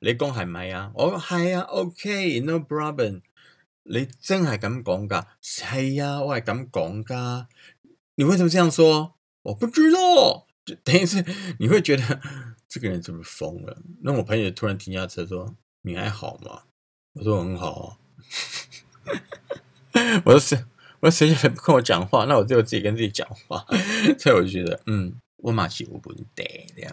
你講係咪啊？我係啊，OK，no problem。你真係咁講噶？係啊，我係咁講噶。你為什麼這樣說？我不知道。就等於是你會覺得這個人是不是瘋了？那我朋友突然停下車說：你還好嗎？我說我很好，啊 我。我說誰？我說誰？誰不跟我講話？那我就自己跟自己講話。所以我就覺得，嗯，我馬其湖唔得，這樣。